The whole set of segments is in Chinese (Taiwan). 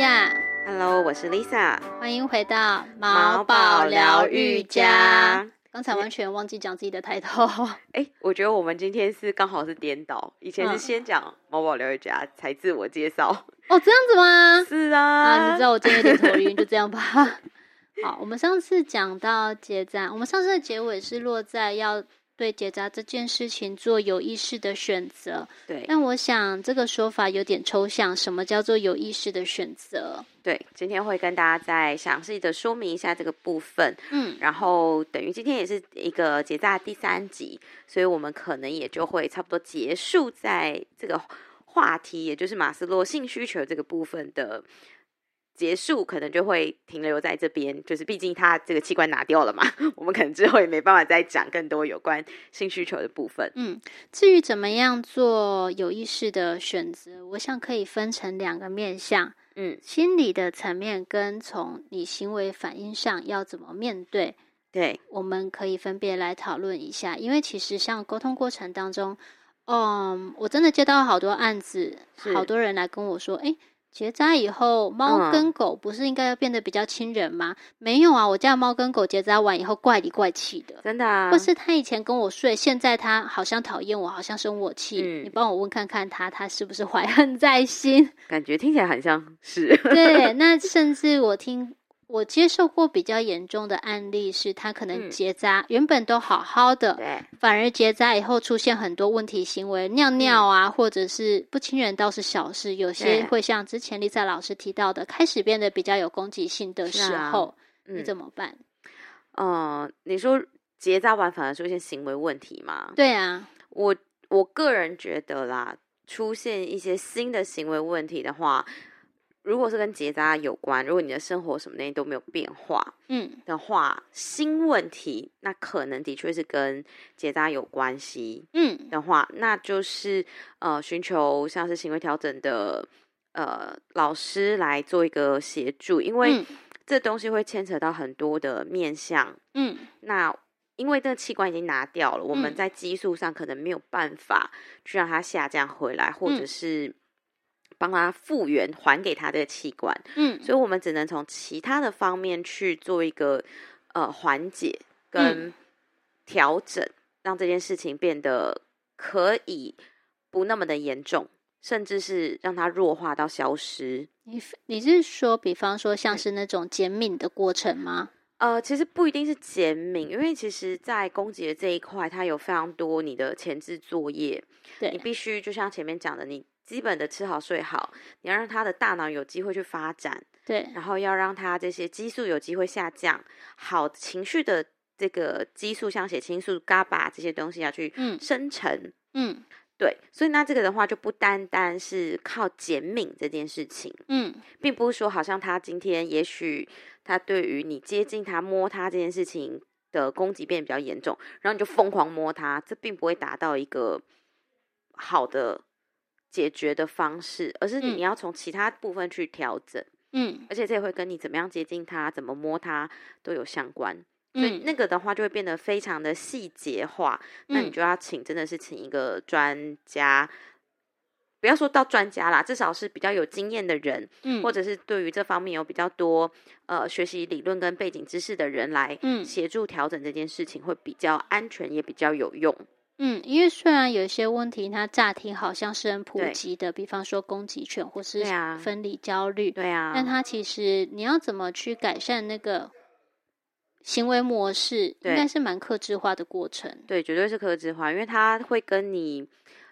Yeah. Hello，我是 Lisa，歡迎回到毛寶療癒家。剛才完全忘記講自己的抬頭、欸。我覺得我們今天是剛好是顛倒，以前是先講毛寶療癒家才自我介紹。哦，這樣子嗎？是啊，啊你知道我今天有點頭暈，就這樣吧。 好，我們上次講到結紮，我們上次的結尾是落在要。對結紮這件事情做有意識的選擇，對。但我想這個說法有點抽象，什麼叫做有意識的選擇？對，今天會跟大家再詳細的說明一下這個部分。嗯，然後等於今天也是一個結紮第三集，所以我們可能也就會差不多結束在這個話題，也就是馬斯洛性需求這個部分的。結束可能就會停留在這邊，就是畢竟他這個器官拿掉了嘛，我們可能之後也沒辦法再講更多有關性需求的部分。嗯，至於怎麼樣做有意識的選擇，我想可以分成兩個面向，嗯，心理的層面跟從你行為反應上要怎麼面對。對，我們可以分別來討論一下，因為其實像溝通過程當中，嗯，我真的接到好多案子，好多人來跟我說，誒……結紮以後，貓跟狗不是應該要變得比較親人嗎？嗯、沒有啊，我家貓跟狗結紮完以後，怪裡怪氣的。真的啊？或是他以前跟我睡，現在他好像討厭我，好像生我氣。嗯。你幫我問看看他，他是不是懷恨在心？感覺聽起來很像是。對，那甚至我聽。我接受過比較嚴重的案例，是他可能結紮、嗯，原本都好好的，反而結紮以後出現很多問題行為，尿尿啊，嗯、或者是不親人倒是小事，有些會像之前麗莎老師提到的，開始變得比較有攻擊性的時候，啊嗯、你怎麼辦？嗯，你說結紮完反而出現行為問題嗎？對啊，我我個人覺得啦，出現一些新的行為問題的話，如果是跟結紮有關，如果你的生活什麼東西都沒有變化，嗯的話，新問題那可能的確是跟結紮有關係，嗯的話，那就是呃尋求像是行為調整的呃老師來做一個協助，因為這東西會牽扯到很多的面向，嗯，那因為這個器官已經拿掉了、嗯，我們在激素上可能沒有辦法去讓它下降回來，嗯、或者是。幫他復原，還給他的器官。嗯，所以我們只能從其他的方面去做一個呃緩解跟調整、嗯，讓這件事情變得可以不那麼的嚴重，甚至是讓它弱化到消失。你你是說，比方說像是那種減敏的過程嗎、嗯？呃，其實不一定是減敏，因為其實，在攻擊的這一塊，它有非常多你的前置作業。對，你必須就像前面講的，你。基本的吃好睡好，你要讓他的大腦有機會去發展，對，然後要讓他這些激素有機會下降，好情緒的這個激素，像血清素、嘎巴，這些東西要去嗯生成，嗯，對，所以那這個的話就不單單是靠減敏這件事情，嗯，並不是說好像他今天也許他對於你接近他摸他這件事情的攻擊變得比較嚴重，然後你就瘋狂摸他，這並不會達到一個好的。解決的方式，而是你要從其他部分去調整。嗯，而且這也會跟你怎麼樣接近他、怎麼摸他都有相關。嗯，所以那個的話，就會變得非常的細節化。嗯，那你就要請，真的是請一個專家，不要說到專家啦，至少是比較有經驗的人。嗯，或者是對於這方面有比較多呃學習理論跟背景知識的人來，協助調整這件事情，會比較安全，也比較有用。嗯，因為雖然有一些問題，它乍聽好像是很普及的，比方說攻擊犬或是分離焦慮，對啊，但它其實你要怎麼去改善那個行為模式，應該是蠻客製化的過程。對，絕對是客製化，因為它會跟你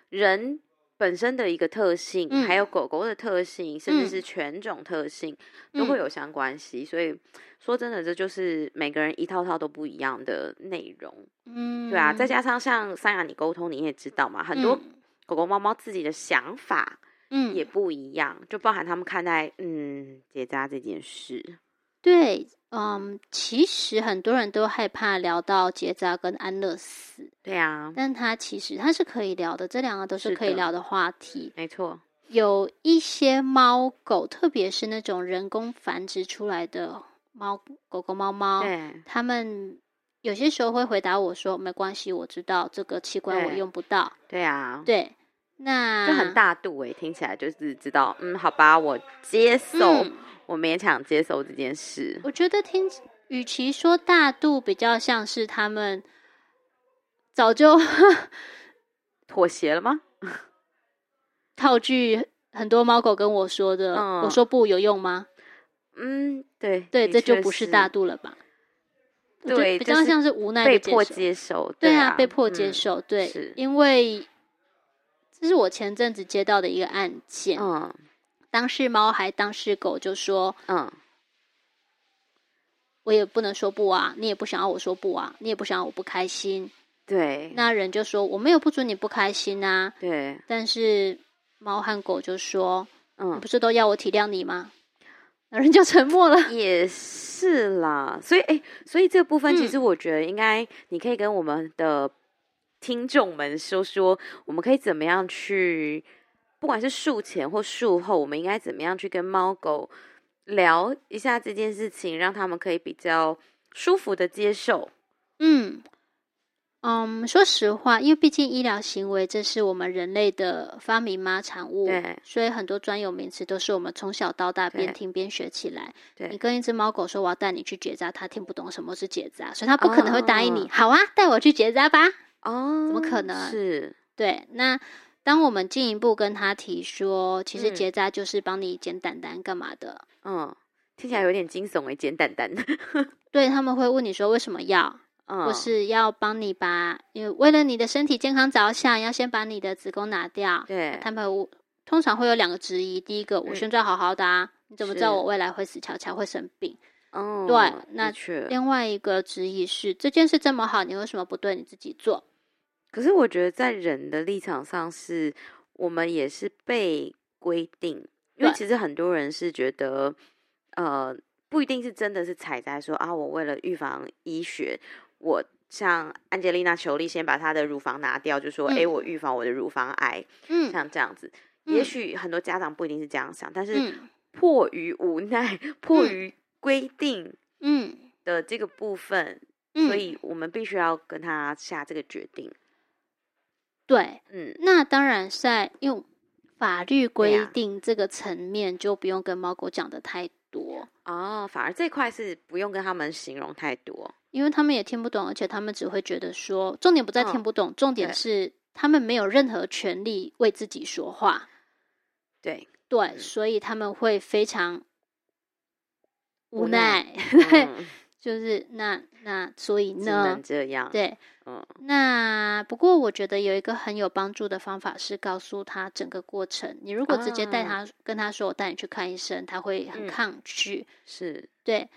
人。本身的一個特性，還有狗狗的特性，嗯，甚至是犬種特性，嗯，都會有相關係。所以說真的，這就是每個人一套套都不一樣的內容，嗯，對啊，再加上像三亞，你溝通你也知道嘛，很多狗狗貓貓自己的想法，嗯，也不一樣，嗯，就包含他們看待嗯結紮這件事，對。嗯，其實很多人都害怕聊到結紮跟安樂死，對啊，但他其實他是可以聊的，這兩個都是可以聊的話題。沒錯，有一些貓狗，特別是那種人工繁殖出來的貓狗狗貓貓，他們有些時候會回答我說：“沒關係，我知道這個器官我用不到。”對，對啊，對。那就很大度哎、欸，聽起來就是知道，嗯，好吧，我接受，嗯、我勉強接受這件事。我覺得聽，與其說大度，比較像是他們早就呵妥協了嗎？套句很多貓狗跟我說的，嗯、我說不有用嗎？嗯，對對，這就不是大度了吧？對，比較像是無奈、就是、被迫接受，對啊，被、嗯、迫接受，對，因為。這是我前陣子接到的一個案件。嗯，當事貓還當事狗就說：“嗯，我也不能說不啊，你也不想要我說不啊，你也不想要我不開心。”對，那人就說：“我沒有不准你不開心啊。”對，但是貓和狗就說：“嗯，不是都要我體諒你嗎？”那人就沉默了。也是啦，所以哎、欸，所以這部分其實我覺得應該你可以跟我們的。聽眾們說說，我們可以怎麼樣去，不管是術前或術後，我們應該怎麼樣去跟貓狗聊一下這件事情，讓他們可以比較舒服的接受嗯。嗯嗯，說實話，因為畢竟醫療行為這是我們人類的發明嘛，產物。對，所以很多專有名詞都是我們從小到大邊聽邊學起來。對，對，你跟一隻貓狗說我要帶你去結紮，它聽不懂什麼是結紮，所以它不可能會答應你。哦、好啊，帶我去結紮吧。哦、oh，怎麼可能？是。對，那當我們進一步跟他提說，嗯、其實結紮就是幫你剪蛋蛋幹嘛的，嗯，聽起來有點驚悚誒、欸，剪蛋蛋。 對，他們會問你說，為什麼要，oh. 或是要幫你把，因為為了你的身體健康着想，要先把你的子宮拿掉。對，他們通常會有兩個質疑，第一個、嗯、我現在好好的啊，你怎麼知道我未來會死翹翹會生病？哦、oh，對，那另外一個質疑是這件事這麼好，你為什麼不對你自己做？可是我覺得，在人的立場上，是我們也是被規定，因為其實很多人是覺得，呃，不一定是真的是採摘說，說啊，我為了預防醫學，我像安吉麗娜·裘麗先把她的乳房拿掉，就說，哎、嗯，我預防我的乳房癌，嗯，像這樣子，也許很多家長不一定是這樣想，但是迫於無奈，迫於規定，嗯的這個部分、嗯，所以我們必須要跟他下這個決定。對，嗯，那當然，在用法律規定這個層面，就不用跟貓狗講得太多哦。反而這塊是不用跟他們形容太多，因為他們也聽不懂，而且他們只會覺得說，重點不在聽不懂，哦，重點是他們沒有任何權利為自己說話。對對，嗯，所以他們會非常無奈。無奈嗯 就是那那所以呢，只能這樣，對。嗯，那不過我覺得有一個很有幫助的方法是告訴他整個過程。你如果直接帶他、啊、跟他說我帶你去看醫生，他會很抗拒。嗯、是，對。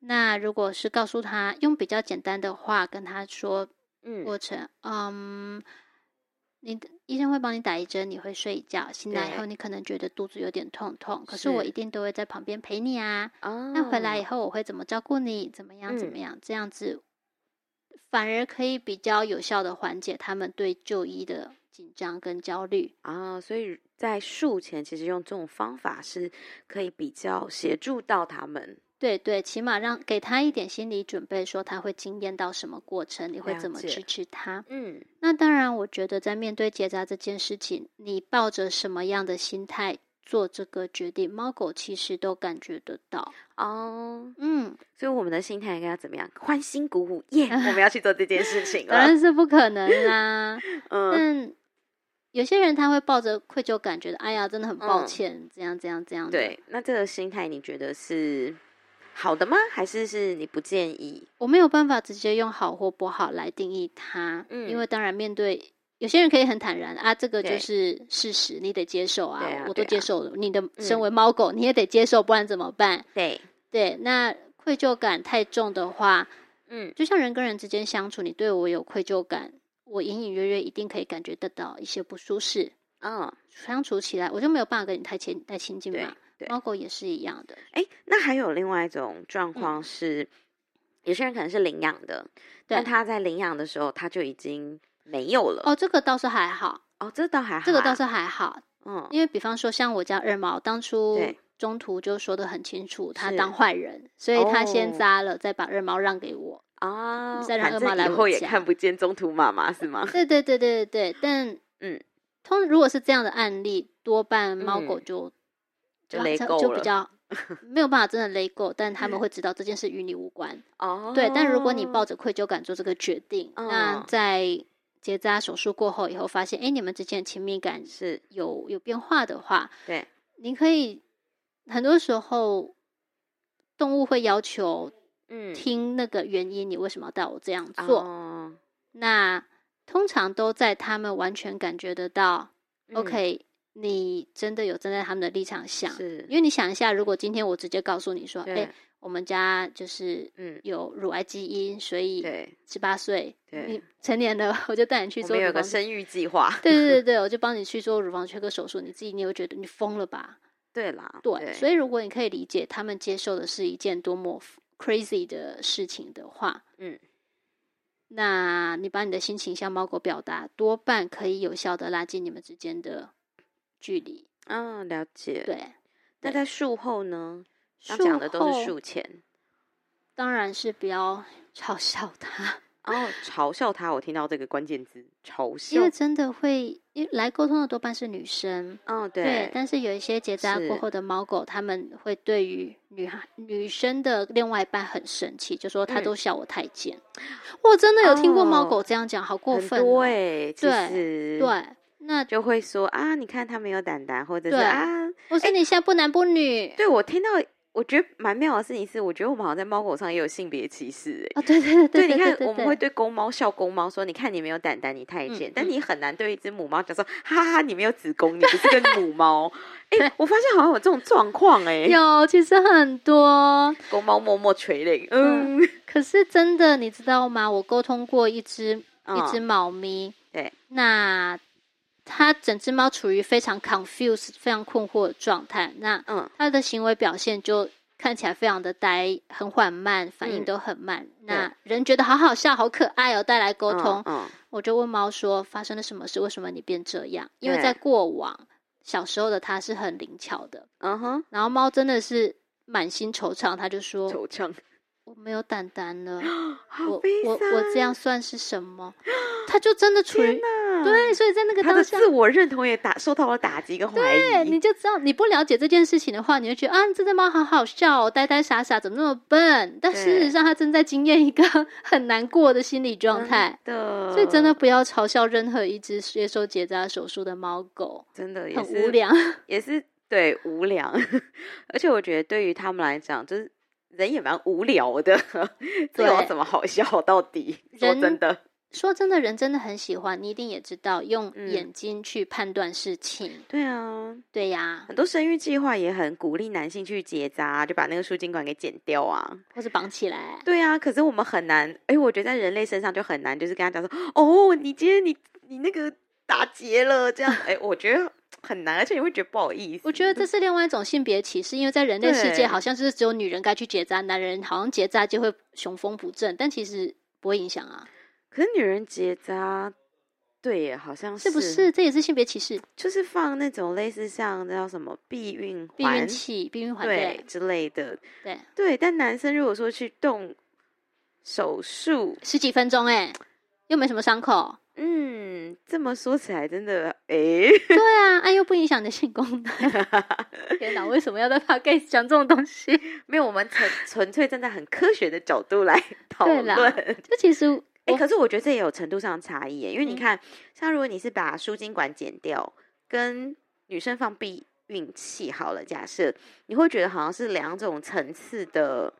那如果是告訴他用比較簡單的話跟他說，嗯，過程，嗯，嗯你。醫生會幫你打一針，你會睡一覺，醒來以後你可能覺得肚子有點痛痛，可是我一定都會在旁邊陪你啊。那回來以後我會怎麼照顧你？怎麼樣？怎麼樣？嗯，這樣子反而可以比較有效地緩解他們對就醫的緊張跟焦慮啊，哦。所以在術前，其實用這種方法是可以比較協助到他們。對對，起碼讓給他一點心理準備，說他會經驗到什麼過程，你會怎麼支持他。嗯，那當然，我覺得在面對結紮這件事情，你抱着什麼樣的心態做這個決定，貓狗其實都感覺得到哦。嗯，所以我們的心態應該要怎麼樣？歡欣鼓舞，嗯、耶！ 我們要去做這件事情了，當然是不可能啦、啊。嗯，有些人他會抱着愧疚感覺，覺得哎呀，真的很抱歉，嗯、這樣這樣這樣。對，那這個心態你覺得是？好的嗎？還是是你不建議？我沒有辦法直接用好或不好來定義它。嗯，因為當然面對有些人可以很坦然啊，這個就是事實，你得接受啊，啊，我都接受了。啊、你的身為貓狗、嗯，你也得接受，不然怎麼辦？對對，那愧疚感太重的話，嗯，就像人跟人之間相處，你對我有愧疚感，我隱隱約約一定可以感覺得到一些不舒適，嗯、哦，相處起來我就沒有辦法跟你太親太親近嘛。對貓狗也是一樣的。哎、欸，那還有另外一種狀況是、嗯，有些人可能是領養的，但他在領養的時候他就已經沒有了。哦，這個倒是還好。哦，這倒還好、啊，這個倒是還好。嗯，因為比方說像我家二毛，當初中途就說得很清楚，他當壞人，所以他先扎了，再把二毛讓給我啊、哦，再讓二毛來，來。以後也看不見中途媽媽是嗎？對對對對對，對。但嗯，通如果是這樣的案例，多半貓狗就。嗯就、啊、就比較沒有辦法真的勒夠， 但他們會知道這件事與你無關哦。對，但如果你抱着愧疚感做這個決定，哦、那在結紮手術過後以後，發現哎、欸，你們之間親密感有是有有變化的話，對，你可以很多時候動物會要求，嗯，聽那個原因，嗯、你為什麼要帶我這樣做、哦？那通常都在他們完全感覺得到、嗯、，OK。你真的有站在他們的立場想，是因為你想一下，如果今天我直接告訴你說，哎、欸，我們家就是嗯有乳癌基因，嗯、所以十八歲你成年了，我就帶你去做有個生育計劃。對對對對，我就幫你去做乳房切割 手術，你自己你會覺得你瘋了吧？對啦對，對。所以如果你可以理解他們接受的是一件多麼 crazy 的事情的話，嗯，那你把你的心情向貓狗表達，多半可以有效的拉近你們之間的。距離啊、哦，了解。對，但在術後呢？他講的都是術前，當然是不要嘲笑他。哦，嘲笑他！我聽到這個關鍵字嘲笑，因為真的會，因為來溝通的多半是女生。哦，對。對，但是有一些結紮過後的貓狗，他們會對於女孩、女生的另外一半很生氣，就說他都笑我太監。嗯。我真的有聽過貓狗這樣講。哦，好過分、喔欸。對，對。那就會說啊，你看他沒有膽膽，或者是啊，我是你現在不男不女、欸。對，我聽到，我覺得蠻妙的事情是，我覺得我們好像在貓狗上也有性別歧視誒、欸。啊、哦，對對對對，對你看對對對對對對我們會對公貓笑，公貓說，你看你沒有膽膽，你太監、嗯嗯。但你很難對一隻母貓講說，哈哈，你沒有子宮，你不是個母貓。哎、 欸，我發現好像有這種狀況哎、欸、 有，其實很多公貓默默垂淚。嗯，可是真的，你知道嗎？我溝通過一隻一隻貓咪，嗯、對，那。它整隻貓處於非常 confused、非常困惑的狀態，那嗯，它的行為表現就看起來非常的呆，很緩慢，反應都很慢、嗯。那人覺得好好笑，好可愛哦，帶來溝通、嗯嗯嗯。我就問貓說：“發生了什麼事？為什麼你變這樣？”因為在過往、嗯、小時候的它是很靈巧的，嗯哼。然後貓真的是滿心惆悵，他就說：“惆悵，我沒有蛋蛋了，好我我我這樣算是什麼？”他就真的處於。對，所以在那個當下他的自我認同也打受到了打擊跟懷疑。對，你就知道你不了解這件事情的話，你就覺得啊，這只貓好好笑，哦，呆呆傻傻，怎麼那麼笨？但事實上，它正在經驗一個很難過的心理狀態。對，所以真的不要嘲笑任何一只接受結紮手術的貓狗。真的，很無聊，也是，也是對無聊。 而且我覺得，對於他們來講，就是人也蠻無聊的，知 道怎麼好笑到底。說真的。說真的人真的很喜歡，你一定也知道用眼睛去判斷事情。嗯、對啊，對呀、啊，很多生育計劃也很鼓勵男性去結扎、啊，就把那個輸精管給剪掉啊，或是綁起來。對啊，可是我們很難，哎，我覺得在人類身上就很難，就是跟他講說，哦，你今天你你那個打結了，這樣，哎，我覺得很難，而且你會覺得不好意思。 我覺得這是另外一種性別歧視，因為在人類世界，好像就是只有女人該去結扎，男人好像結扎就會雄風不振，但其實不會影響啊。是女人結紮，對耶，好像是，是不是這也是性別歧視？就是放那種類似像那叫什麼避孕、避孕器、避孕環，避孕避孕環對對之類的，對對。但男生如果說去動手術，十幾分鐘，哎，又沒什麼傷口，嗯，這麼說起來真的，哎、欸，對啊，哎，又不影響你的性功能。 天哪，為什麼要在 podcast 講這種東西？ 沒有，我們純純粹站在很科學的角度來討論。對啦，就其實。哎、欸，可是我覺得這也有程度上的差異，因為你看、嗯，像如果你是把輸精管剪掉，跟女生放避孕器好了假設，你會覺得好像是兩種層次的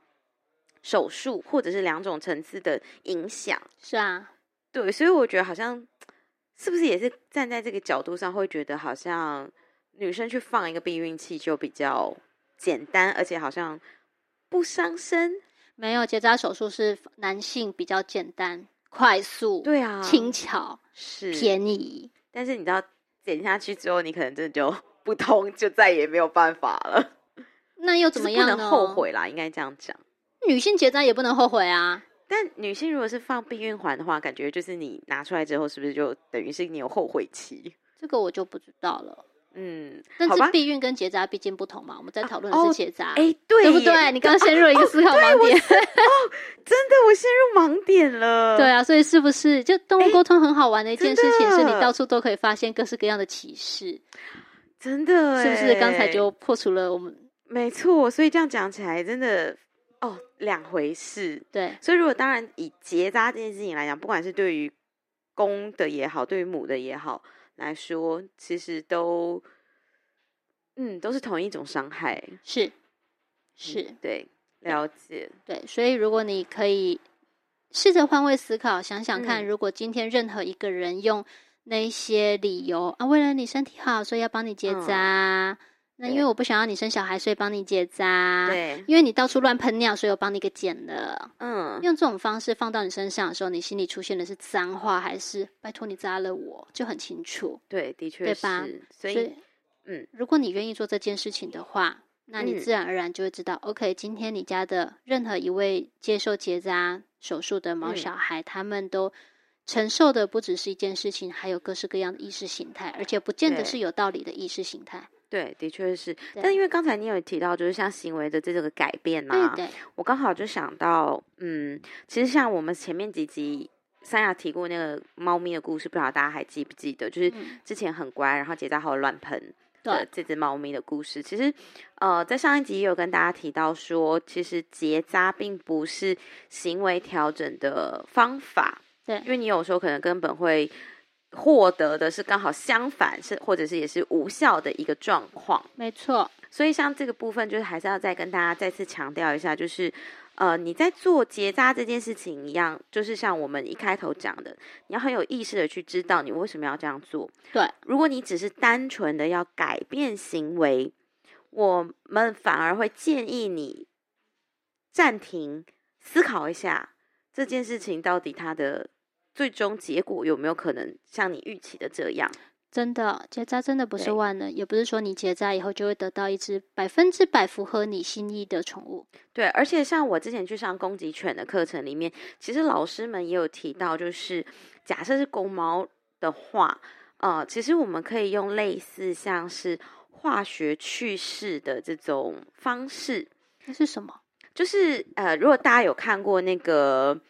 手術，或者是兩種層次的影響。是啊，對，所以我覺得好像是不是也是站在這個角度上會覺得，好像女生去放一個避孕器就比較簡單，而且好像不傷身。沒有，結紮手術是男性比較簡單。快速，對啊，輕巧是便宜，但是你知道剪下去之後，你可能真的就不通，就再也沒有辦法了。那又怎麼樣呢？就是不能後悔啦，應該這樣講。女性結紮也不能後悔啊。但女性如果是放避孕環的話，感覺就是你拿出來之後，是不是就等於是你有後悔期？這個我就不知道了。嗯，但是避孕跟結紮畢竟不同嘛，我們在討論的是結紮，哎、啊哦欸，對不對？對你剛陷入了一個思考盲點、哦哦 哦、真的我陷入盲點了。對啊，所以是不是就動物溝通很好玩的一件事情，是你到處都可以發現各式各樣的歧視？欸、真的，是不是？剛才就破除了我們、欸，沒錯。所以這樣講起來，真的哦，兩回事。對，所以如果當然以結紮這件事情來講，不管是對於公的也好，對於母的也好。來說，其實都，嗯，都是同一種傷害，是，是、嗯、對，了解，對，所以如果你可以試着換位思考，想想看，如果今天任何一個人用那些理由、嗯、啊，為了你身體好，所以要幫你結紮。嗯那因為我不想要你生小孩，所以幫你結紮。對，因為你到處亂噴尿，所以我幫你給剪了。嗯，用這種方式放到你身上的時候，你心裡出現的是髒話，還是拜托你扎了我，就很清楚。對，的確是，對吧？所以，嗯，嗯，如果你願意做這件事情的話，那你自然而然就會知道。嗯、OK，今天你家的任何一位接受結紮手術的毛小孩、嗯，他們都承受的不只是一件事情，還有各式各樣的意識形態，而且不見得是有道理的意識形態。對，的確是，但因為剛才你有提到，就是像行為的這個改變，啊、對，對我剛好就想到，嗯，其實像我們前面幾集三亞提過那個貓咪的故事，不知道大家還記不記得？就是之前很乖，然後結扎好亂噴的這只貓咪的故事。其實，呃，在上一集也有跟大家提到說，其實結扎並不是行為調整的方法，對，因為你有時候可能根本會。獲得的是剛好相反，是或者是也是無效的一個狀況。沒錯，所以像這個部分，就是還是要再跟大家再次強調一下，就是，呃，你在做結紮這件事情一樣，就是像我們一開頭講的，你要很有意識的去知道你為什麼要這樣做。對，如果你只是單純的要改變行為，我們反而會建議你暫停思考一下這件事情到底它的。最終結果有沒有可能像你預期的這樣？真的結扎真的不是萬能，也不是說你結扎以後就會得到一只百分之百符合你心意的寵物。對，而且像我之前去上攻擊犬的課程裡面，其實老師們也有提到，就是假設是公貓的話，呃，其實我們可以用類似像是化學去勢的這種方式。那是什麼？就是呃，如果大家有看過那個。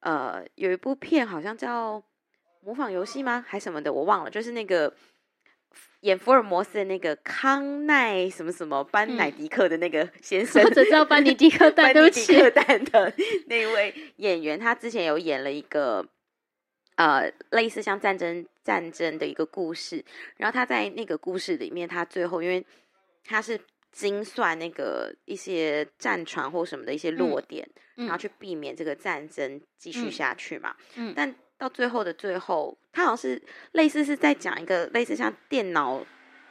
呃，有一部片好像叫《模仿遊戲》嗎？還什麼的，我忘了。就是那個演福爾摩斯的那個康奈什麼什麼班乃迪克的那個先生，或者叫班尼迪克蛋，對不起，班尼迪克蛋的那位演員， 他之前有演了一個呃類似像戰爭戰爭的一個故事，然後他在那個故事裡面，他最後因為他是。精算那個一些戰船或什麼的一些落點、嗯嗯，然後去避免這個戰爭繼續下去嘛。嗯嗯，但到最後的最後，他好像是類似是在講一個類似像電腦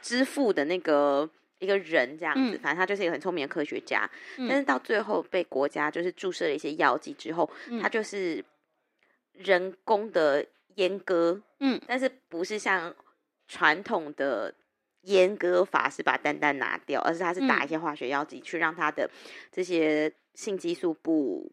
之父的那個一個人這樣子，嗯，反正他就是一個很聰明的科學家，嗯。但是到最後被國家就是注射了一些藥劑之後，嗯，他就是人工的閹割。嗯，但是不是像傳統的。閹割法是把蛋蛋拿掉，而是它是打一些化學藥劑、嗯、去讓它的這些性激素不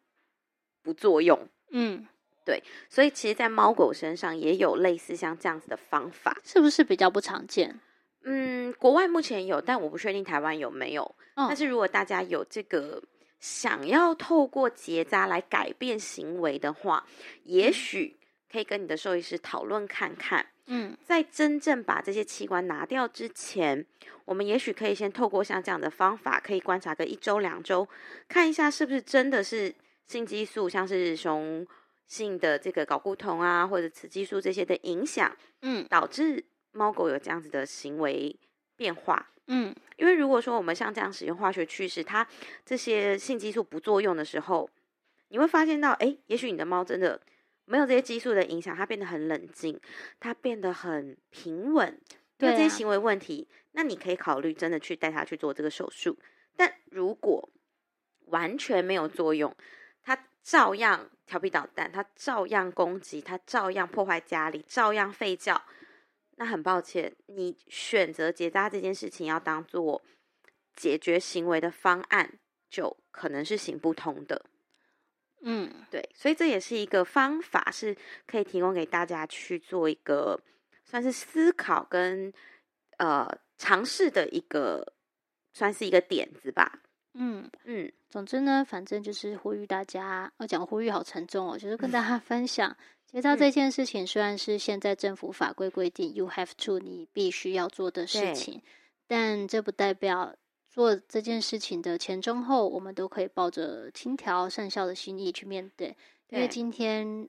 不作用。嗯，對，所以其實，在貓狗身上也有類似像這樣子的方法，是不是比較不常見？嗯，國外目前有，但我不確定台灣有沒有。哦、但是如果大家有這個想要透過結紮來改變行為的話，也許、嗯。可以跟你的獸醫師討論看看，嗯，在真正把這些器官拿掉之前，我們也許可以先透過像這樣的方法，可以觀察個一周兩周，看一下是不是真的是性激素，像是雄性的這個睾固酮啊，或者雌激素這些的影響，嗯，導致貓狗有這樣子的行為變化，嗯，因為如果說我們像這樣使用化學去勢，它這些性激素不作用的時候，你會發現到，哎，也許你的貓真的。沒有這些激素的影響，他變得很冷靜，他變得很平穩。對啊、對啊、這些行為問題，那你可以考慮真的去帶他去做這個手術。但如果完全沒有作用，他照樣調皮搗蛋，他照樣攻擊，他照樣破壞家裡，照樣吠叫。那很抱歉，你選擇結紮這件事情要當做解決行為的方案，就可能是行不通的。嗯，對，所以這也是一個方法，是可以提供給大家去做一個算是思考跟呃嘗試的一個，算是一個點子吧。嗯嗯，總之呢，反正就是呼籲大家，我、哦、講呼籲好沉重哦，就是跟大家分享，其、嗯、實這件事情，雖然是現在政府法規規定、嗯、，you have to，你必須要做的事情，但這不代表。做這件事情的前中後，我們都可以抱着輕挑善笑的心意去面對。對，因為今天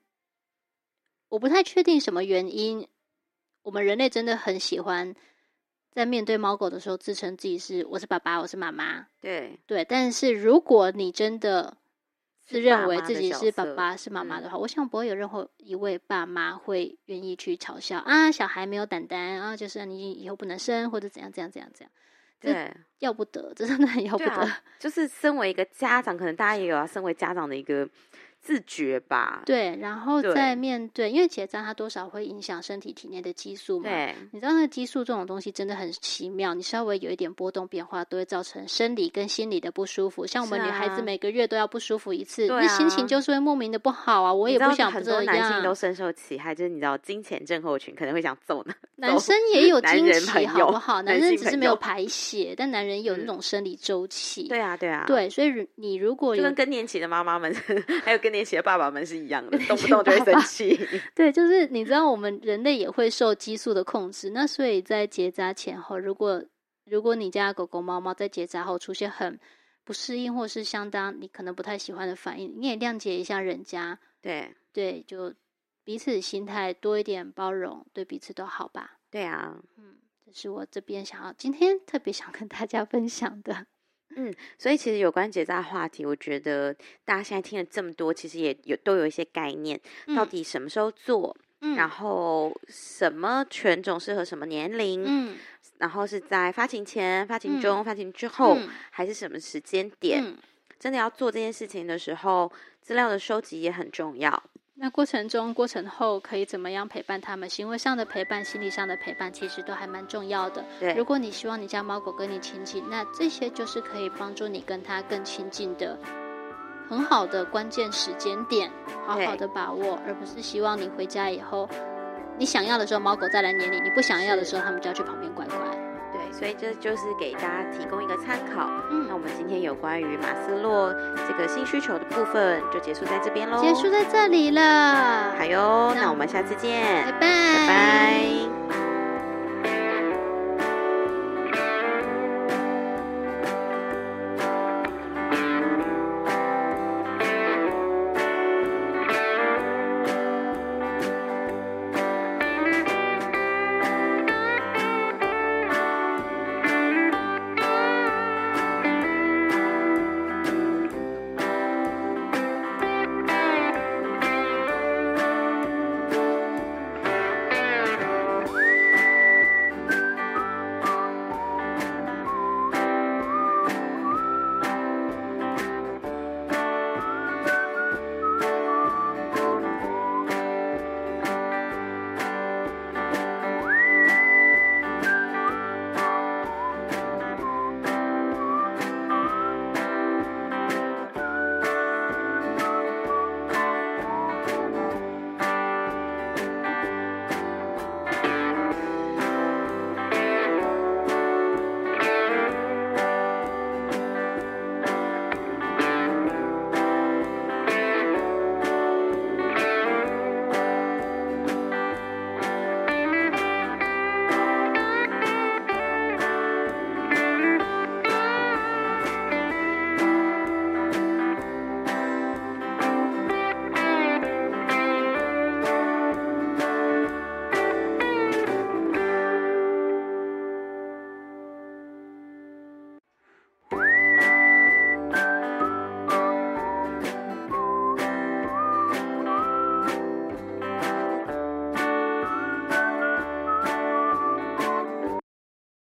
我不太確定什麼原因，我們人類真的很喜歡在面對貓狗的時候自稱自己是“我是爸爸，我是媽媽”。對對，但是如果你真的自認為自己是爸爸是媽媽的，的話、嗯，我想不會有任何一位爸媽會願意去嘲笑、嗯、啊，小孩沒有蛋蛋啊，就是你以後不能生或者怎樣怎樣怎樣怎樣。對，要不得，這真的很要不得啊。就是身為一個家長，可能大家也有啊，身為家長的一個，自覺吧，對，然後再面對，對因為結紮它多少會影響身體體內的激素嘛。對你知道，那個激素這種東西真的很奇妙，你稍微有一點波動變化，都會造成生理跟心理的不舒服。像我們女孩子每個月都要不舒服一次，啊、那心情就是會莫名的不好啊。我也你知道不想不，很多男性都深受其害，就是你知道經前症候群可能會想揍呢。男生也有經期，好不好？男生只是沒有排血，男但男人有那種生理週期，嗯。對啊，對啊，對。所以你如果就跟更年期的媽媽們還有更年期媽媽。爸爸們是一樣的，動不動就會生氣爸爸。對，就是你知道，我們人類也會受激素的控制。那所以，在結紮前後，如果如果你家狗狗、貓貓在結紮後出現很不適應，或是相當你可能不太喜歡的反應，你也諒解一下人家。對對，就彼此心態多一點包容，對彼此都好吧。對啊，嗯，這是我這邊想要今天特別想跟大家分享的。嗯，所以其實有關結紮的話題，我覺得大家現在聽了這麼多，其實也有都有一些概念，嗯。到底什麼時候做？嗯、然後什麼犬種適合什麼年齡，嗯？然後是在發情前、發情中、嗯、發情之後、嗯，還是什麼時間點，嗯？真的要做這件事情的時候，資料的收集也很重要。那過程中、過程後可以怎麼樣陪伴他們？行為上的陪伴、心理上的陪伴，其實都還蠻重要的。對，如果你希望你家貓狗跟你親近，那這些就是可以幫助你跟它更親近的很好的關鍵時間點，好好的把握，而不是希望你回家以後，你想要的時候貓狗再來黏你，你不想要的時候他們就要去旁邊乖乖。所以這就是給大家提供一個參考。嗯，那我們今天有關於馬斯洛這個新需求的部分就結束在這邊嘍，結束在這裡了。好喲，那我們下次見，拜拜，拜拜。